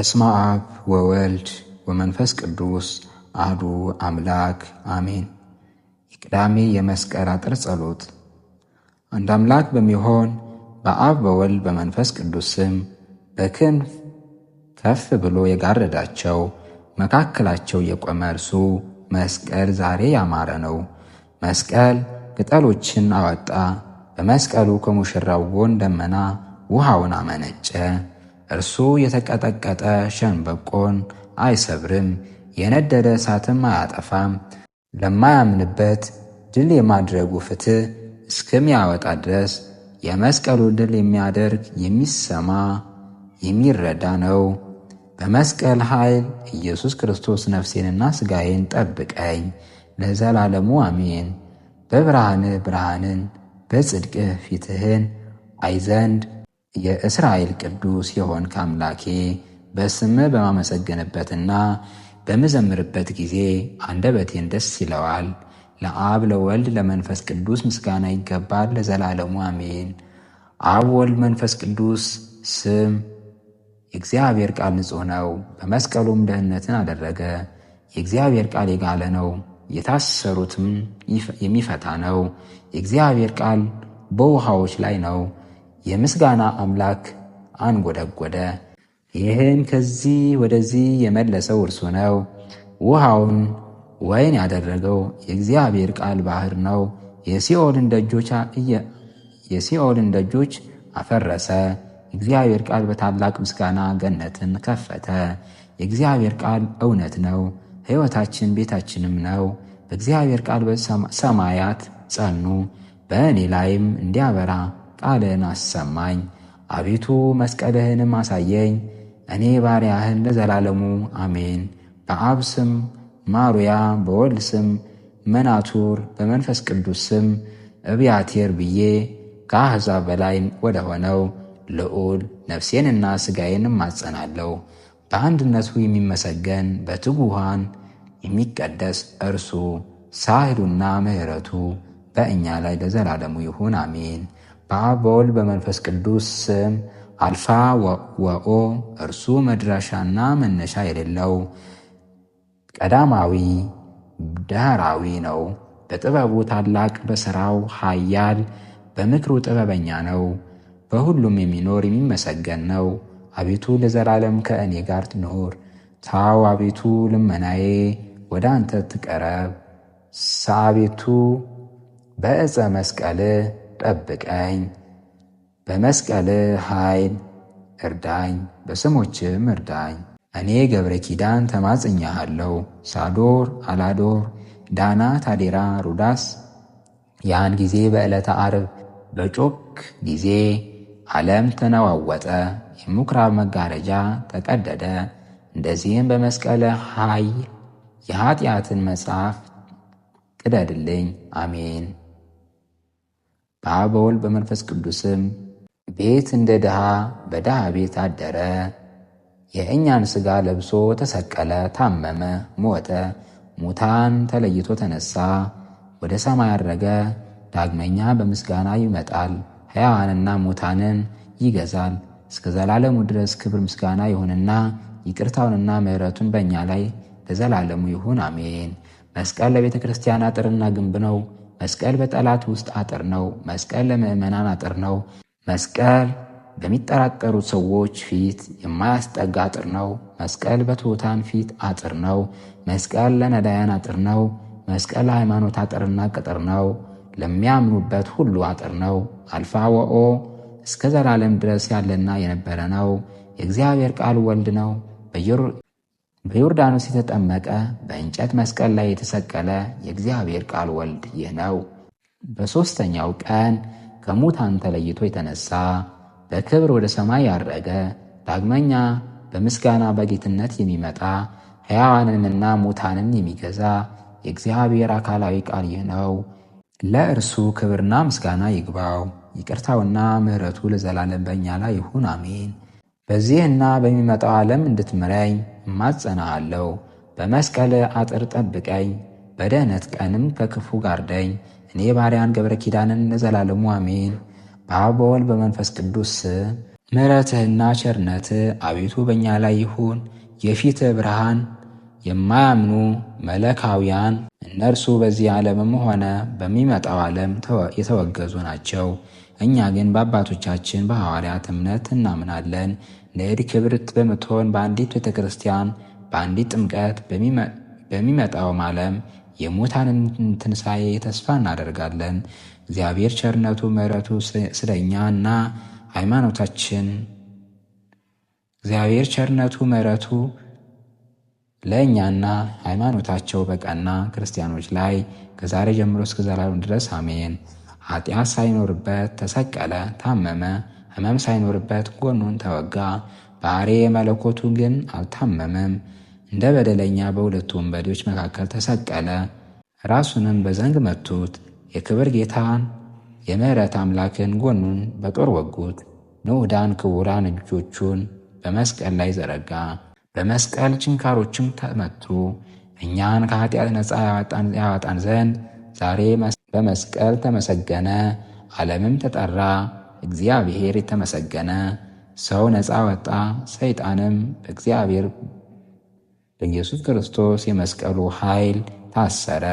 በስመ አብ ወወልድ ወመንፈስ ቅዱስ አህዱ አምላክ አሜን። የቅዳሜ የመስቀል አጥር ጸሎት። አንድ አምላክ በሚሆን በአብ በወልድ በመንፈስ ቅዱስ ስም በክንፍ ከፍ ብሎ የጋረዳቸው መካከላቸው የቆመ እርሱ መስቀል ዛሬ ያማረ ነው። መስቀል ቅጠሎችን አወጣ። በመስቀሉ ከሙሽራው ጎን ደመና ውሃውን አመነጨ። እርሱ የተቀጠቀጠ ሸንበቆን አይሰብርም፣ የነደደ እሳትም አያጠፋም። ለማያምንበት ድል የማድረጉ ፍትህ እስከሚያወጣ ድረስ የመስቀሉ ድል የሚያደርግ የሚሰማ የሚረዳ ነው። በመስቀል ኃይል ኢየሱስ ክርስቶስ ነፍሴንና ሥጋዬን ጠብቀኝ ለዘላለሙ አሜን። በብርሃን ብርሃንን በጽድቅህ ፊትህን አይዘንድ! ዘንድ የእስራኤል ቅዱስ የሆን ከአምላኬ በስም በማመሰግንበትና በምዘምርበት ጊዜ አንደበቴን ደስ ይለዋል። ለአብ ለወልድ ለመንፈስ ቅዱስ ምስጋና ይገባል ለዘላለሙ አሜን። አብ ወልድ መንፈስ ቅዱስ ስም የእግዚአብሔር ቃል ንጹሕ ነው፣ በመስቀሉም ደህንነትን አደረገ። የእግዚአብሔር ቃል የጋለ ነው፣ የታሰሩትም የሚፈታ ነው። የእግዚአብሔር ቃል በውሃዎች ላይ ነው የምስጋና አምላክ አንጎደጎደ። ይህን ከዚህ ወደዚህ የመለሰው እርሱ ነው። ውሃውን ወይን ያደረገው የእግዚአብሔር ቃል ባህር ነው። የሲኦልን ደጆች አፈረሰ። እግዚአብሔር ቃል በታላቅ ምስጋና ገነትን ከፈተ። የእግዚአብሔር ቃል እውነት ነው፣ ሕይወታችን ቤታችንም ነው። በእግዚአብሔር ቃል ሰማያት ጸኑ፣ በእኔ ላይም እንዲያበራ ቃልህን አሰማኝ። አቤቱ መስቀልህንም አሳየኝ። እኔ ባሪያህን ለዘላለሙ አሜን። በአብ ስም ማሩያ፣ በወልድ ስም መናቱር፣ በመንፈስ ቅዱስ ስም እብያቴር ብዬ ከአሕዛብ በላይ ወደ ሆነው ልዑል ነፍሴንና ሥጋዬን እማጸናለሁ። በአንድነቱ የሚመሰገን በትጉሃን የሚቀደስ እርሱ ሳህሉና ምሕረቱ በእኛ ላይ ለዘላለሙ ይሁን አሜን። በአብ በወልድ በመንፈስ ቅዱስ ስም አልፋ ወኦ እርሱ መድረሻና መነሻ የሌለው ቀዳማዊ ዳራዊ ነው። በጥበቡ ታላቅ፣ በሥራው ኃያል፣ በምክሩ ጥበበኛ ነው። በሁሉም የሚኖር የሚመሰገን ነው። አቤቱ ለዘላለም ከእኔ ጋር ትኖር። ታው አቤቱ ልመናዬ ወደ አንተ ትቀረብ። ሳቤቱ በእፀ መስቀልህ ጠብቀኝ፣ በመስቀል ኃይል እርዳኝ፣ በስሞችም እርዳኝ። እኔ ገብረ ኪዳን ተማጽኛሃለሁ። ሳዶር፣ አላዶር፣ ዳና፣ ታዴራ፣ ሩዳስ ያን ጊዜ በዕለተ አርብ በጮክ ጊዜ ዓለም ተነዋወጠ፣ የምኵራብ መጋረጃ ተቀደደ። እንደዚህም በመስቀለ ኃይል የኃጢአትን መጽሐፍ ቅደድልኝ። አሜን። በአብ በወልድ በመንፈስ ቅዱስም ቤት እንደ ድሃ በድሃ ቤት አደረ። የእኛን ሥጋ ለብሶ ተሰቀለ፣ ታመመ፣ ሞተ፣ ሙታን ተለይቶ ተነሳ፣ ወደ ሰማይ አረገ። ዳግመኛ በምስጋና ይመጣል፣ ሕያዋንና ሙታንን ይገዛል። እስከ ዘላለሙ ድረስ ክብር ምስጋና ይሁንና ይቅርታውንና ምሕረቱን በእኛ ላይ ለዘላለሙ ይሁን አሜን። መስቀል ለቤተ ክርስቲያን አጥርና ግንብ ነው። መስቀል በጠላት ውስጥ አጥር ነው። መስቀል ለምዕመናን አጥር ነው። መስቀል በሚጠራጠሩ ሰዎች ፊት የማያስጠጋ አጥር ነው። መስቀል በትሑታን ፊት አጥር ነው። መስቀል ለነዳያን አጥር ነው። መስቀል ለሃይማኖት አጥርና ቅጥር ነው። ለሚያምኑበት ሁሉ አጥር ነው። አልፋ ወኦ እስከ ዘላለም ድረስ ያለና የነበረ ነው። የእግዚአብሔር ቃል ወልድ ነው። በዮርዳኖስ የተጠመቀ በእንጨት መስቀል ላይ የተሰቀለ የእግዚአብሔር ቃል ወልድ ይህ ነው። በሦስተኛው ቀን ከሙታን ተለይቶ የተነሳ በክብር ወደ ሰማይ ያረገ ዳግመኛ በምስጋና በጌትነት የሚመጣ ሕያዋንንና ሙታንን የሚገዛ የእግዚአብሔር አካላዊ ቃል ይህ ነው። ለእርሱ ክብርና ምስጋና ይግባው። ይቅርታውና ምሕረቱ ለዘላለም በእኛ ላይ ይሁን፣ አሜን። በዚህና በሚመጣው ዓለም እንድትምረኝ እማጸናሃለሁ። በመስቀል አጥር ጠብቀኝ፣ በደህነት ቀንም ከክፉ ጋርደኝ። እኔ ባሪያን ገብረ ኪዳንን ለዘላለሙ አሜን። በአብ በወልድ በመንፈስ ቅዱስ ስም ምሕረትህና አቤቱ በእኛ ላይ ይሁን። የፊት ብርሃን የማያምኑ መለካውያን እነርሱ በዚህ ዓለምም ሆነ በሚመጣው ዓለም የተወገዙ ናቸው። እኛ ግን በአባቶቻችን በሐዋርያት እምነት እናምናለን። ንዕድ ክብርት በምትሆን በአንዲት ቤተ ክርስቲያን በአንዲት ጥምቀት በሚመጣውም ዓለም የሙታንን ትንሣኤ ተስፋ እናደርጋለን። እግዚአብሔር ቸርነቱ ምሕረቱ ስለ እኛ እና ሃይማኖታችን እግዚአብሔር ቸርነቱ ምሕረቱ ለእኛና ሃይማኖታቸው በቀና ክርስቲያኖች ላይ ከዛሬ ጀምሮ እስከ ዘላለም ድረስ አሜን። ኃጢአት ሳይኖርበት ተሰቀለ፣ ታመመ ሕመም ሳይኖርበት ጎኑን ተወጋ። ባሕሬ መለኮቱ ግን አልታመመም። እንደ በደለኛ በሁለቱ ወንበዴዎች መካከል ተሰቀለ። ራሱንም በዘንግ መቱት። የክብር ጌታን የምሕረት አምላክን ጎኑን በጦር ወጉት። ንዑዳን ክቡራን እጆቹን በመስቀል ላይ ዘረጋ። በመስቀል ችንካሮችም ተመቱ። እኛን ከኃጢአት ነፃ ያወጣን ዘንድ ዛሬ በመስቀል ተመሰገነ፣ ዓለምም ተጠራ። እግዚአብሔር የተመሰገነ ሰው ነፃ ወጣ፣ ሰይጣንም በእግዚአብሔር በኢየሱስ ክርስቶስ የመስቀሉ ኃይል ታሰረ።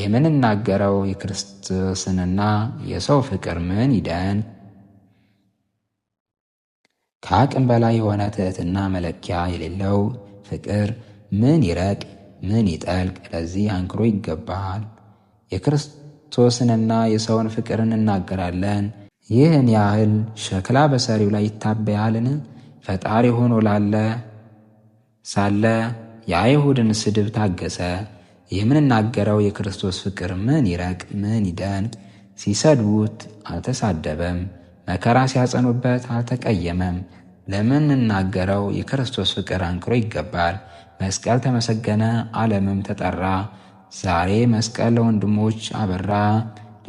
የምንናገረው የክርስቶስንና የሰው ፍቅር ምን ይደን ከአቅም በላይ የሆነ ትዕትና መለኪያ የሌለው ፍቅር ምን ይረቅ ምን ይጠልቅ፣ ለዚህ አንክሮ ይገባል። የክርስቶስንና የሰውን ፍቅር እናገራለን። ይህን ያህል ሸክላ በሰሪው ላይ ይታበያልን? ፈጣሪ ሆኖ ላለ ሳለ የአይሁድን ስድብ ታገሰ። የምንናገረው የክርስቶስ ፍቅር ምን ይረቅ ምን ይደንቅ። ሲሰድቡት አልተሳደበም፣ መከራ ሲያጸኑበት አልተቀየመም። ለምንናገረው የክርስቶስ ፍቅር አንክሮ ይገባል። መስቀል ተመሰገነ፣ ዓለምም ተጠራ። ዛሬ መስቀል ለወንድሞች አበራ።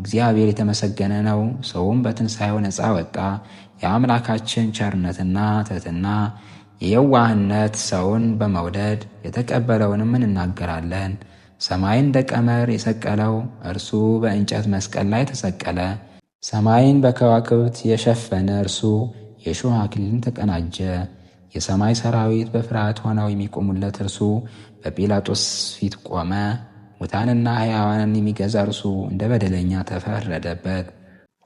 እግዚአብሔር የተመሰገነ ነው። ሰውም በትንሣኤው ነፃ ወጣ። የአምላካችን ቸርነትና ትሕትና፣ የየዋህነት ሰውን በመውደድ የተቀበለውንም እንናገራለን። ሰማይን እንደ ቀመር የሰቀለው እርሱ በእንጨት መስቀል ላይ ተሰቀለ። ሰማይን በከዋክብት የሸፈነ እርሱ የሾህ አክሊልን ተቀናጀ። የሰማይ ሰራዊት በፍርሃት ሆነው የሚቆሙለት እርሱ በጲላጦስ ፊት ቆመ። ሙታንና ሕያዋንን የሚገዛ እርሱ እንደ በደለኛ ተፈረደበት።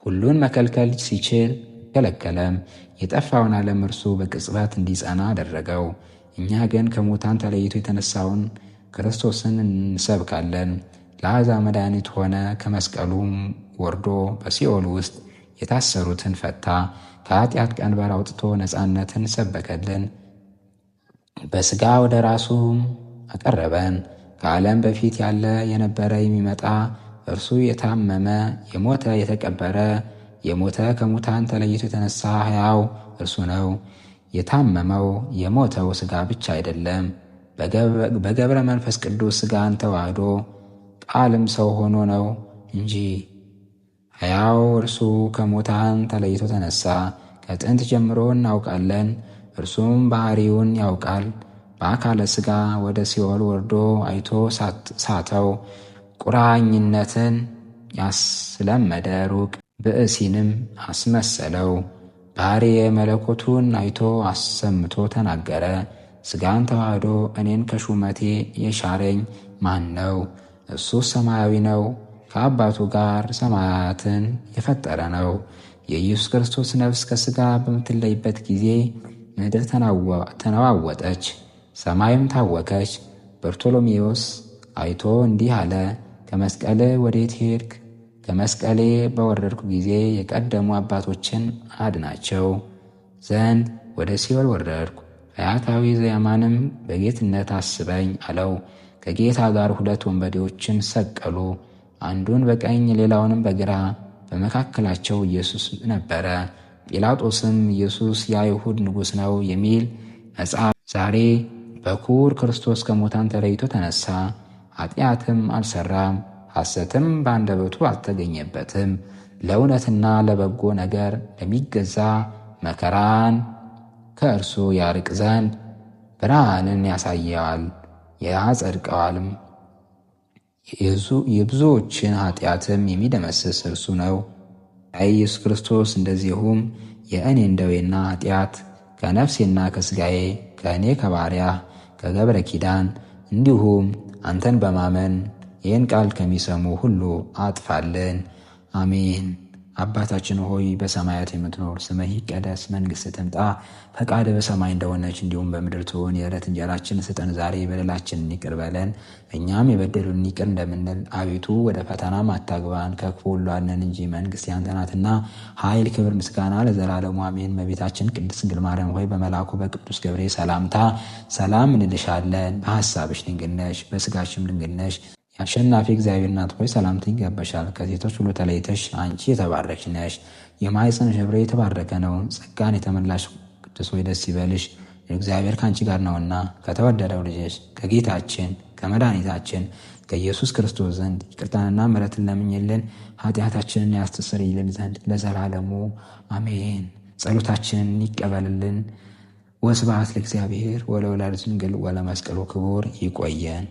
ሁሉን መከልከል ሲችል ከለከለም። የጠፋውን ዓለም እርሱ በቅጽበት እንዲጸና አደረገው። እኛ ግን ከሙታን ተለይቶ የተነሳውን ክርስቶስን እንሰብካለን። ለአሕዛብ መድኃኒት ሆነ። ከመስቀሉም ወርዶ በሲኦል ውስጥ የታሰሩትን ፈታ። ከኃጢአት ቀንበር አውጥቶ ነፃነትን ሰበከልን። በሥጋ ወደ ራሱም አቀረበን። ከዓለም በፊት ያለ የነበረ የሚመጣ እርሱ የታመመ የሞተ የተቀበረ የሞተ ከሙታን ተለይቶ የተነሳ ሕያው እርሱ ነው። የታመመው የሞተው ሥጋ ብቻ አይደለም፣ በገብረ መንፈስ ቅዱስ ሥጋን ተዋህዶ ቃልም ሰው ሆኖ ነው እንጂ ሕያው እርሱ ከሙታን ተለይቶ ተነሳ። ከጥንት ጀምሮ እናውቃለን፣ እርሱም ባሕሪውን ያውቃል። በአካለ ሥጋ ወደ ሲኦል ወርዶ አይቶ ሳተው። ቁራኝነትን ያስለመደ ሩቅ ብእሲንም አስመሰለው። ባሕርየ መለኮቱን አይቶ አሰምቶ ተናገረ። ሥጋን ተዋህዶ እኔን ከሹመቴ የሻረኝ ማን ነው? እሱስ ሰማያዊ ነው። ከአባቱ ጋር ሰማያትን የፈጠረ ነው። የኢየሱስ ክርስቶስ ነፍስ ከሥጋ በምትለይበት ጊዜ ምድር ተነዋወጠች። ሰማይም ታወከች። በርቶሎሜዎስ አይቶ እንዲህ አለ፣ ከመስቀል ወዴት ሄድክ? ከመስቀሌ በወረድኩ ጊዜ የቀደሙ አባቶችን አድናቸው ዘንድ ወደ ሲኦል ወረድኩ። አያታዊ ዘያማንም በጌትነት አስበኝ አለው። ከጌታ ጋር ሁለት ወንበዴዎችን ሰቀሉ፣ አንዱን በቀኝ ሌላውንም በግራ። በመካከላቸው ኢየሱስ ነበረ። ጲላጦስም ኢየሱስ የአይሁድ ንጉሥ ነው የሚል መጽሐፍ ዛሬ በኩር ክርስቶስ ከሙታን ተለይቶ ተነሳ፣ ኃጢአትም አልሰራም፣ ሐሰትም በአንደበቱ አልተገኘበትም። ለእውነትና ለበጎ ነገር ለሚገዛ መከራን ከእርሱ ያርቅ ዘንድ ብርሃንን ያሳየዋል ያጸድቀዋልም፣ የብዙዎችን ኃጢአትም የሚደመስስ እርሱ ነው። ኢየሱስ ክርስቶስ እንደዚሁም የእኔን ደዌና ኃጢአት ከነፍሴና ከሥጋዬ ከእኔ ከባሪያ ከገብረ ኪዳን እንዲሁም አንተን በማመን ይህን ቃል ከሚሰሙ ሁሉ አጥፋለን። አሜን። አባታችን ሆይ በሰማያት የምትኖር ስምህ ይቀደስ፣ መንግስት ትምጣ፣ ፈቃድ በሰማይ እንደሆነች እንዲሁም በምድር ትሆን። የዕለት እንጀራችን ስጠን ዛሬ፣ በደላችንን ይቅር በለን እኛም የበደሉንን ይቅር እንደምንል፣ አቤቱ ወደ ፈተናም አታግባን ከክፉ ሁሉ አድነን እንጂ መንግስት ያንተ ናትና፣ ኃይል፣ ክብር፣ ምስጋና ለዘላለሙ አሜን። እመቤታችን ቅድስት ድንግል ማርያም ሆይ በመልአኩ በቅዱስ ገብርኤል ሰላምታ ሰላም እንልሻለን። በሐሳብሽ ድንግል ነሽ፣ በሥጋሽም ድንግል ነሽ። አሸናፊ እግዚአብሔር እናት ሆይ ሰላምታ ይገባሻል። ከሴቶች ሁሉ ተለይተሽ አንቺ የተባረክሽ ነሽ፣ የማኅፀንሽ ፍሬ የተባረከ ነው። ጸጋን የተመላሽ ቅዱስ ሆይ ደስ ይበልሽ፣ እግዚአብሔር ከአንቺ ጋር ነውና ከተወደደው ልጅሽ ከጌታችን ከመድኃኒታችን ከኢየሱስ ክርስቶስ ዘንድ ይቅርታንና ምሕረትን ለምኝልን ኃጢአታችንን ያስተሰርይልን ዘንድ ለዘላለሙ አሜን። ጸሎታችንን ይቀበልልን። ወስብሐት ለእግዚአብሔር ወለወላዲቱ ድንግል ወለመስቀሉ ክቡር። ይቆየን።